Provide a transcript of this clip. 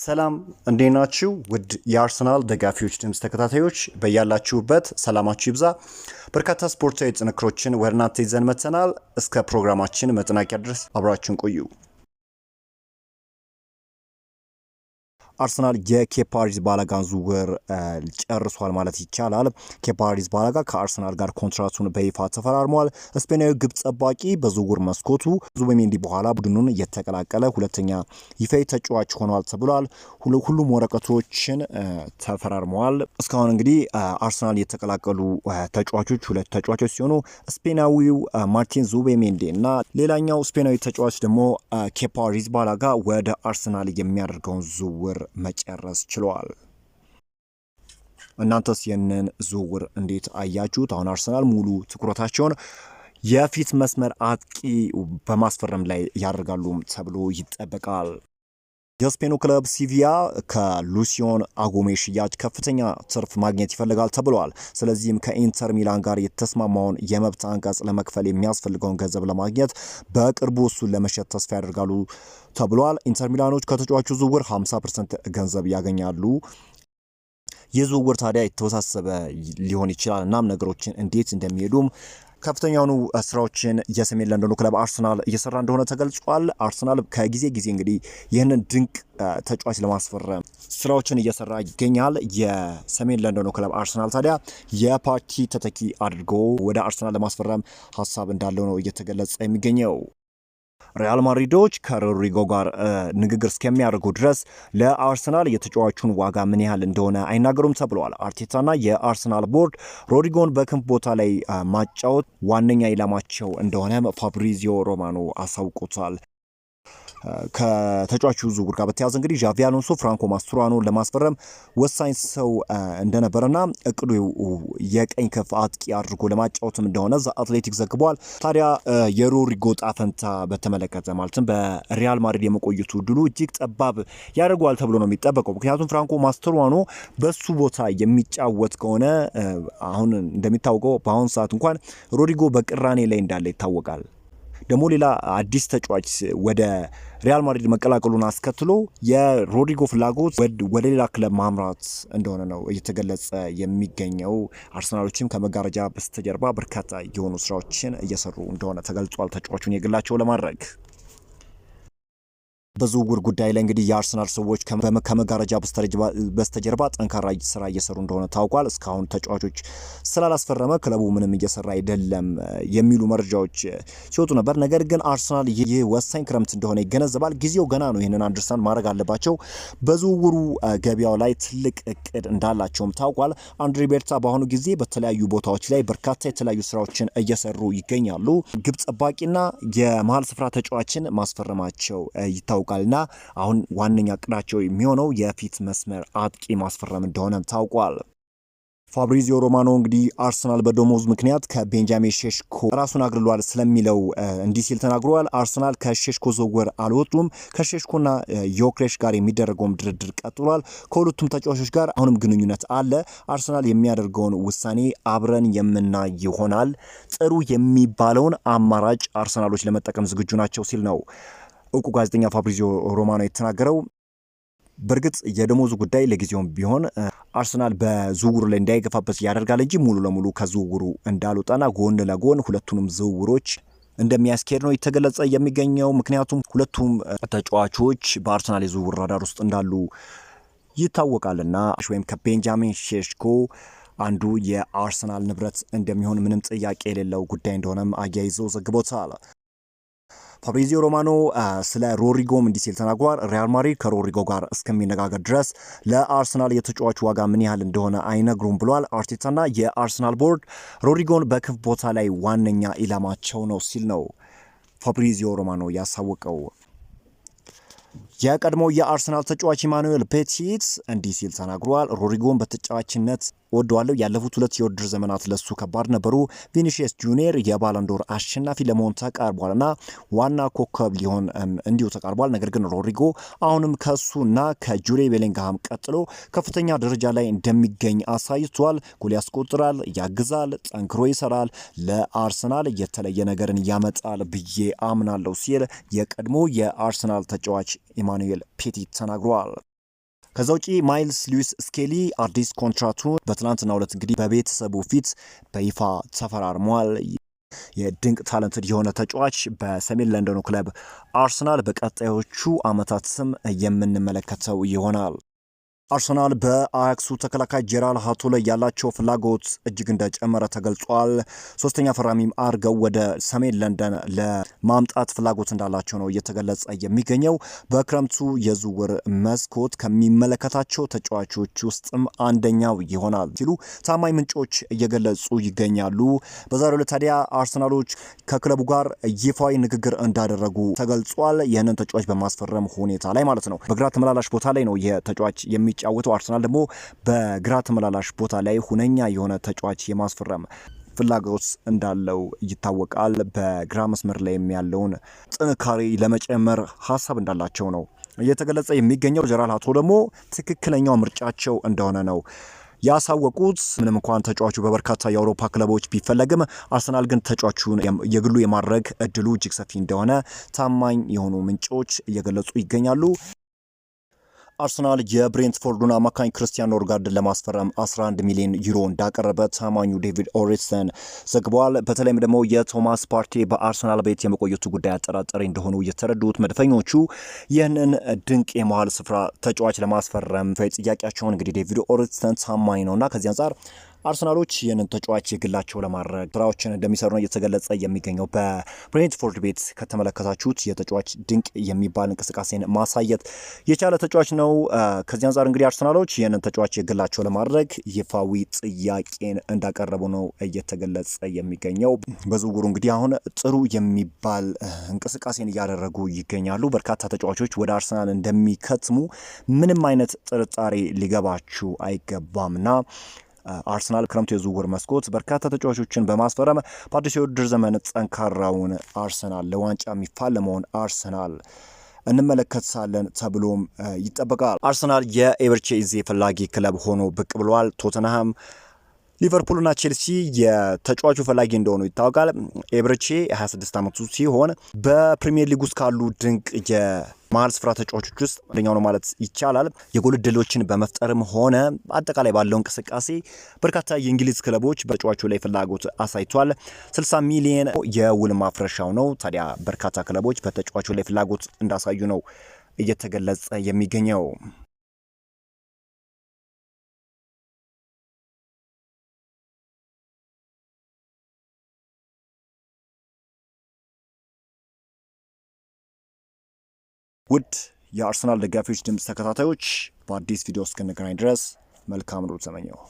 ሰላም እንዴት ናችሁ? ውድ የአርሰናል ደጋፊዎች ድምፅ ተከታታዮች በያላችሁበት ሰላማችሁ ይብዛ። በርካታ ስፖርታዊ ጥንክሮችን ወደ እናንተ ይዘን መጥተናል። እስከ ፕሮግራማችን መጠናቂያ ድረስ አብራችሁን ቆዩ። አርሰናል የኬፓሪዝ ባላጋን ዝውውር ጨርሷል ማለት ይቻላል። ኬፓሪዝ ባላጋ ከአርሰናል ጋር ኮንትራቱን በይፋ ተፈራርመዋል። ስፔናዊ ግብ ጠባቂ በዝውውር መስኮቱ ዙቢሜንዲ በኋላ ቡድኑን የተቀላቀለ ሁለተኛ ይፋዊ ተጫዋች ሆኗል ተብሏል። ሁሉም ወረቀቶችን ተፈራርመዋል። እስካሁን እንግዲህ አርሰናል የተቀላቀሉ ተጫዋቾች ሁለት ተጫዋቾች ሲሆኑ ስፔናዊው ማርቲን ዙቤሜንዴ እና ሌላኛው ስፔናዊ ተጫዋች ደግሞ ኬፓ አሪዛባላጋ ወደ አርሰናል የሚያደርገውን ዝውውር መጨረስ ችሏል። እናንተስ ይህንን ዝውውር እንዴት አያችሁት? አሁን አርሰናል ሙሉ ትኩረታቸውን የፊት መስመር አጥቂ በማስፈረም ላይ ያደርጋሉም ተብሎ ይጠበቃል። የስፔኑ ክለብ ሲቪያ ከሉሲዮን አጉሜ ሽያጭ ከፍተኛ ትርፍ ማግኘት ይፈልጋል ተብሏል። ስለዚህም ከኢንተር ሚላን ጋር የተስማማውን የመብት አንቀጽ ለመክፈል የሚያስፈልገውን ገንዘብ ለማግኘት በቅርቡ እሱን ለመሸጥ ተስፋ ያደርጋሉ ተብሏል። ኢንተር ሚላኖች ከተጫዋቹ ዝውውር 50 ፐርሰንት ገንዘብ ያገኛሉ። የዝውውር ታዲያ የተወሳሰበ ሊሆን ይችላል። እናም ነገሮችን እንዴት እንደሚሄዱም ከፍተኛ የሆኑ ስራዎችን የሰሜን ለንደኑ ክለብ አርሰናል እየሰራ እንደሆነ ተገልጿል። አርሰናል ከጊዜ ጊዜ እንግዲህ ይህንን ድንቅ ተጫዋች ለማስፈረም ስራዎችን እየሰራ ይገኛል። የሰሜን ለንደኑ ክለብ አርሰናል ታዲያ የፓርቲ ተተኪ አድርጎ ወደ አርሰናል ለማስፈረም ሀሳብ እንዳለው ነው እየተገለጸ የሚገኘው። ሪያል ማድሪዶች ከሮድሪጎ ጋር ንግግር እስከሚያደርጉ ድረስ ለአርሰናል የተጫዋቹን ዋጋ ምን ያህል እንደሆነ አይናገሩም ተብለዋል። አርቴታና የአርሰናል ቦርድ ሮድሪጎን በክንፍ ቦታ ላይ ማጫወት ዋነኛ ኢላማቸው እንደሆነ ፋብሪዚዮ ሮማኖ አሳውቆታል። ከተጫዋቹ ዝውውር ጋር በተያዘ እንግዲህ ዣቪ አሎንሶ ፍራንኮ ማስቱራኖን ለማስፈረም ወሳኝ ሰው እንደነበረና እቅዱ የቀኝ ከፍ አጥቂ አድርጎ ለማጫወትም እንደሆነ ዛ አትሌቲክ ዘግቧል። ታዲያ የሮድሪጎ ጣፈንታ በተመለከተ ማለትም በሪያል ማድሪድ የመቆየቱ እድሉ እጅግ ጠባብ ያደርገዋል ተብሎ ነው የሚጠበቀው። ምክንያቱም ፍራንኮ ማስተሯኖ በሱ ቦታ የሚጫወት ከሆነ አሁን እንደሚታወቀው በአሁን ሰዓት እንኳን ሮድሪጎ በቅራኔ ላይ እንዳለ ይታወቃል። ደግሞ ሌላ አዲስ ተጫዋች ወደ ሪያል ማድሪድ መቀላቀሉን አስከትሎ የሮድሪጎ ፍላጎት ወደ ሌላ ክለብ ማምራት እንደሆነ ነው እየተገለጸ የሚገኘው። አርሰናሎችም ከመጋረጃ በስተጀርባ በርካታ የሆኑ ስራዎችን እየሰሩ እንደሆነ ተገልጿል። ተጫዋቹን የግላቸው ለማድረግ በዝውውር ጉዳይ ላይ እንግዲህ የአርሰናል ሰዎች ከመጋረጃ በስተጀርባ ጠንካራ ስራ እየሰሩ እንደሆነ ታውቋል። እስካሁን ተጫዋቾች ስላላስፈረመ ክለቡ ምንም እየሰራ አይደለም የሚሉ መረጃዎች ሲወጡ ነበር። ነገር ግን አርሰናል ይህ ወሳኝ ክረምት እንደሆነ ይገነዘባል። ጊዜው ገና ነው። ይህንን አንደርስታንድ ማድረግ አለባቸው። በዝውውሩ ገበያው ላይ ትልቅ እቅድ እንዳላቸውም ታውቋል። አንድሪ ቤርታ በአሁኑ ጊዜ በተለያዩ ቦታዎች ላይ በርካታ የተለያዩ ስራዎችን እየሰሩ ይገኛሉ። ግብ ጠባቂና የመሀል ስፍራ ተጫዋችን ማስፈረማቸው ይታወቃል። ያውቃልና አሁን ዋነኛ እቅዳቸው የሚሆነው የፊት መስመር አጥቂ ማስፈረም እንደሆነም ታውቋል። ፋብሪዚዮ ሮማኖ እንግዲህ አርሰናል በደሞዝ ምክንያት ከቤንጃሚን ሼሽኮ ራሱን አግልሏል ስለሚለው እንዲህ ሲል ተናግሯል። አርሰናል ከሼሽኮ ዝውውር አልወጡም። ከሼሽኮና ዮክሬሽ ጋር የሚደረገውም ድርድር ቀጥሏል። ከሁለቱም ተጫዋቾች ጋር አሁንም ግንኙነት አለ። አርሰናል የሚያደርገውን ውሳኔ አብረን የምናይ ይሆናል። ጥሩ የሚባለውን አማራጭ አርሰናሎች ለመጠቀም ዝግጁ ናቸው ሲል ነው እውቁ ጋዜጠኛ ፋብሪዚዮ ሮማኖ የተናገረው በእርግጥ የደሞዙ ጉዳይ ለጊዜውም ቢሆን አርሰናል በዝውውሩ ላይ እንዳይገፋበት ያደርጋል እንጂ ሙሉ ለሙሉ ከዝውውሩ እንዳልወጣና ጎን ለጎን ሁለቱንም ዝውውሮች እንደሚያስኬድ ነው የተገለጸ የሚገኘው። ምክንያቱም ሁለቱም ተጫዋቾች በአርሰናል የዝውውር ራዳር ውስጥ እንዳሉ ይታወቃልና ወይም ከቤንጃሚን ሼሽኮ አንዱ የአርሰናል ንብረት እንደሚሆን ምንም ጥያቄ የሌለው ጉዳይ እንደሆነም አያይዘው ዘግቦታል። ፋብሪዚዮ ሮማኖ ስለ ሮሪጎም እንዲህ ሲል ተናግሯል። ሪያል ማድሪድ ከሮሪጎ ጋር እስከሚነጋገር ድረስ ለአርሰናል የተጫዋች ዋጋ ምን ያህል እንደሆነ አይነግሩም ብሏል። አርቴታና የአርሰናል ቦርድ ሮሪጎን በክፍ ቦታ ላይ ዋነኛ ኢላማቸው ነው ሲል ነው ፋብሪዚዮ ሮማኖ ያሳወቀው። የቀድሞ የአርሰናል ተጫዋች ኢማኑኤል ፔቲት እንዲህ ሲል ተናግሯል። ሮድሪጎን በተጫዋችነት ወደዋለሁ። ያለፉት ሁለት የውድድር ዘመናት ለሱ ከባድ ነበሩ። ቪኒሽስ ጁኒየር የባለንዶር አሸናፊ ለመሆን ተቃርቧልና ዋና ኮከብ ሊሆን እንዲሁ ተቃርቧል። ነገር ግን ሮድሪጎ አሁንም ከሱና ከጁሬ ቤሊንግሃም ቀጥሎ ከፍተኛ ደረጃ ላይ እንደሚገኝ አሳይቷል። ጎል ያስቆጥራል፣ ያግዛል፣ ጠንክሮ ይሰራል፣ ለአርሰናል የተለየ ነገርን ያመጣል ብዬ አምናለሁ ሲል የቀድሞ የአርሰናል ተጫዋች ኢማኑኤል ፔቲት ተናግሯል። ከዛ ውጪ ማይልስ ሉዊስ ስኬሊ አዲስ ኮንትራቱ በትናንትናው ዕለት እንግዲህ በቤተሰቡ ፊት በይፋ ተፈራርሟል። የድንቅ ታለንትድ የሆነ ተጫዋች በሰሜን ለንደኑ ክለብ አርሰናል በቀጣዮቹ ዓመታት ስም የምንመለከተው ይሆናል። አርሰናል በአያክሱ ተከላካይ ጄራል ሀቶ ላይ ያላቸው ፍላጎት እጅግ እንደጨመረ ተገልጿል። ሶስተኛ ፈራሚም አድርገው ወደ ሰሜን ለንደን ለማምጣት ፍላጎት እንዳላቸው ነው እየተገለጸ የሚገኘው። በክረምቱ የዝውውር መስኮት ከሚመለከታቸው ተጫዋቾች ውስጥም አንደኛው ይሆናል ሲሉ ታማኝ ምንጮች እየገለጹ ይገኛሉ። በዛሬው ዕለት ታዲያ አርሰናሎች ከክለቡ ጋር ይፋዊ ንግግር እንዳደረጉ ተገልጿል። ይህንን ተጫዋች በማስፈረም ሁኔታ ላይ ማለት ነው። በግራ ተመላላሽ ቦታ ላይ ነው ይህ ተጫዋች የሚ የሚጫወተው አርሰናል ደግሞ በግራ ተመላላሽ ቦታ ላይ ሁነኛ የሆነ ተጫዋች የማስፈረም ፍላጎት እንዳለው ይታወቃል። በግራ መስመር ላይ ያለውን ጥንካሬ ለመጨመር ሀሳብ እንዳላቸው ነው እየተገለጸ የሚገኘው። ጀራል አቶ ደግሞ ትክክለኛው ምርጫቸው እንደሆነ ነው ያሳወቁት። ምንም እንኳን ተጫዋቹ በበርካታ የአውሮፓ ክለቦች ቢፈለግም አርሰናል ግን ተጫዋቹን የግሉ የማድረግ እድሉ እጅግ ሰፊ እንደሆነ ታማኝ የሆኑ ምንጮች እየገለጹ ይገኛሉ። አርሰናል የብሬንትፎርዱን አማካኝ ክርስቲያን ኖርጋርድን ለማስፈረም 11 ሚሊዮን ዩሮ እንዳቀረበ ታማኙ ዴቪድ ኦሪትሰን ዘግቧል። በተለይም ደግሞ የቶማስ ፓርቴ በአርሰናል ቤት የመቆየቱ ጉዳይ አጠራጣሪ እንደሆኑ የተረዱት መድፈኞቹ ይህንን ድንቅ የመሀል ስፍራ ተጫዋች ለማስፈረም ጥያቄያቸውን እንግዲህ ዴቪድ ኦሪትሰን ታማኝ ነውና ከዚህ አንጻር አርሰናሎች ይህንን ተጫዋች የግላቸው ለማድረግ ስራዎችን እንደሚሰሩ ነው እየተገለጸ የሚገኘው። በብሬንትፎርድ ቤት ከተመለከታችሁት የተጫዋች ድንቅ የሚባል እንቅስቃሴን ማሳየት የቻለ ተጫዋች ነው። ከዚህ አንጻር እንግዲህ አርሰናሎች ይህንን ተጫዋች የግላቸው ለማድረግ ይፋዊ ጥያቄን እንዳቀረቡ ነው እየተገለጸ የሚገኘው። በዝውውሩ እንግዲህ አሁን ጥሩ የሚባል እንቅስቃሴን እያደረጉ ይገኛሉ። በርካታ ተጫዋቾች ወደ አርሰናል እንደሚከትሙ ምንም አይነት ጥርጣሬ ሊገባችሁ አይገባምና አርሰናል ክረምቱ የዝውውር መስኮት በርካታ ተጫዋቾችን በማስፈረም በአዲሱ የውድድር ዘመን ጠንካራውን አርሰናል ለዋንጫ የሚፋለመውን አርሰናል እንመለከታለን ተብሎም ይጠበቃል። አርሰናል የኤቨርቼዜ ፈላጊ ክለብ ሆኖ ብቅ ብሏል። ቶተንሃም ሊቨርፑልና ቼልሲ የተጫዋቹ ፈላጊ እንደሆኑ ይታወቃል። ኤቨርቼ 26 ዓመቱ ሲሆን በፕሪሚየር ሊግ ውስጥ ካሉ ድንቅ መሀል ስፍራ ተጫዋቾች ውስጥ አንደኛው ነው ማለት ይቻላል። የጎል እድሎችን በመፍጠርም ሆነ አጠቃላይ ባለው እንቅስቃሴ በርካታ የእንግሊዝ ክለቦች በተጫዋቹ ላይ ፍላጎት አሳይቷል። 60 ሚሊየን የውል ማፍረሻው ነው። ታዲያ በርካታ ክለቦች በተጫዋቹ ላይ ፍላጎት እንዳሳዩ ነው እየተገለጸ የሚገኘው። ውድ የአርሰናል ደጋፊዎች ድምፅ ተከታታዮች በአዲስ ቪዲዮ እስክንገናኝ ድረስ መልካም ሩብ ዘመኘው።